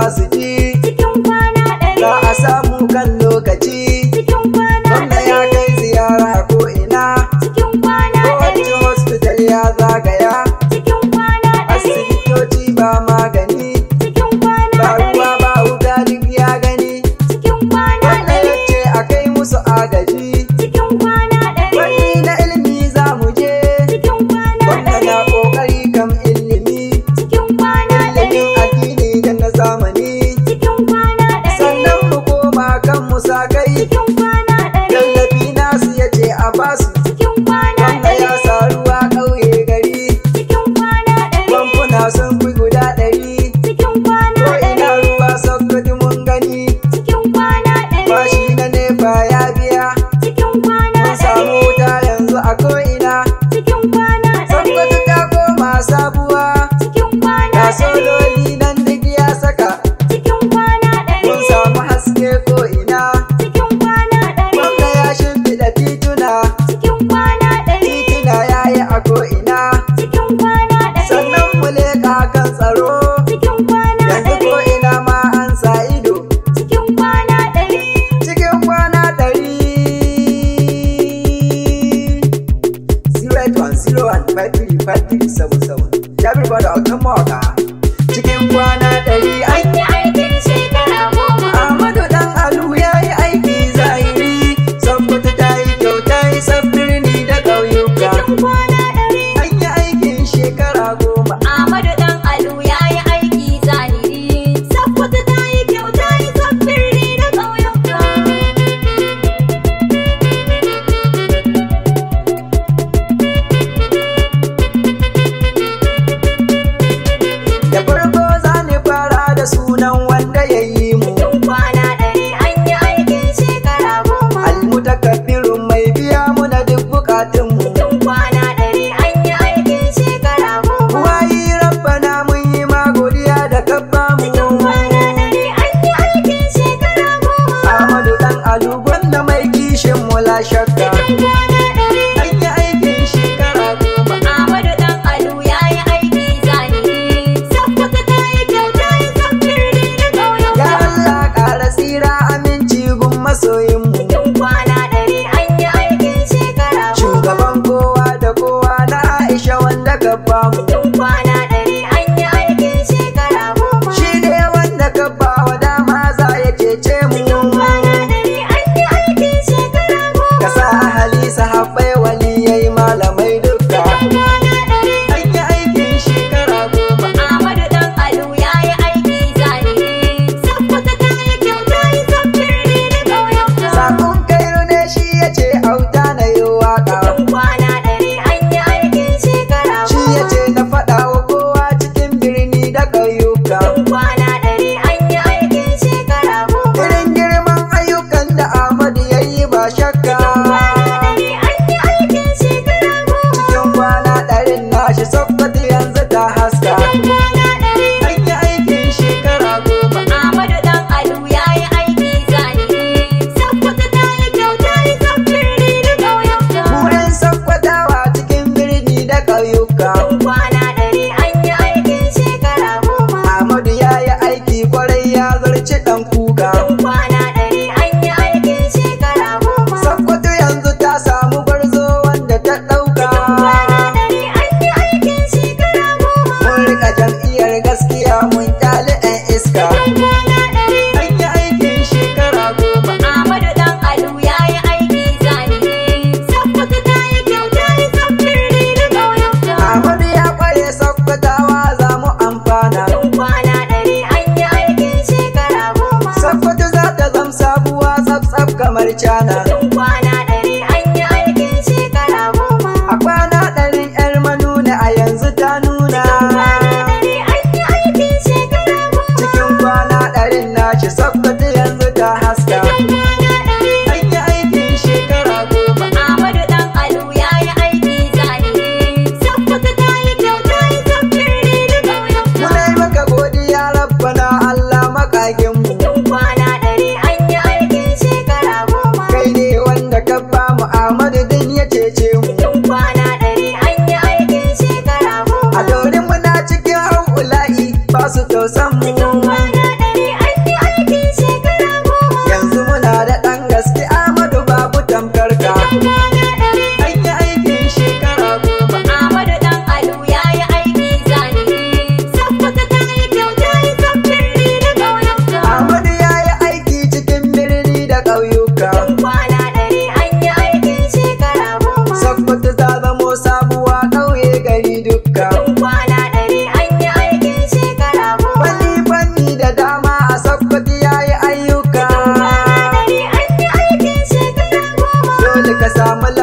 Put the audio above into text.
za su ji cikin kwana ɗari za a samu kan lokaci Yeah. I'm a.